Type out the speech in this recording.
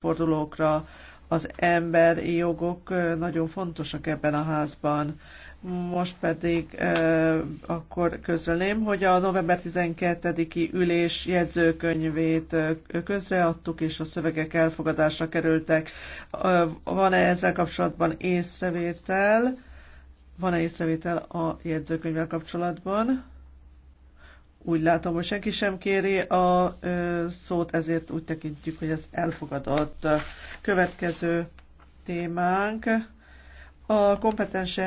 fordulókra. Az emberi jogok nagyon fontosak ebben a házban. Most pedig eh, akkor közölném, hogy a november 12-i ülés jegyzőkönyvét közreadtuk, és a szövegek elfogadásra kerültek. Van-e ezzel kapcsolatban észrevétel? Van-e észrevétel a jegyzőkönyvvel kapcsolatban? Úgy látom, hogy senki sem kéri a szót, ezért úgy tekintjük, hogy ez elfogadott. Következő témánk a kompetens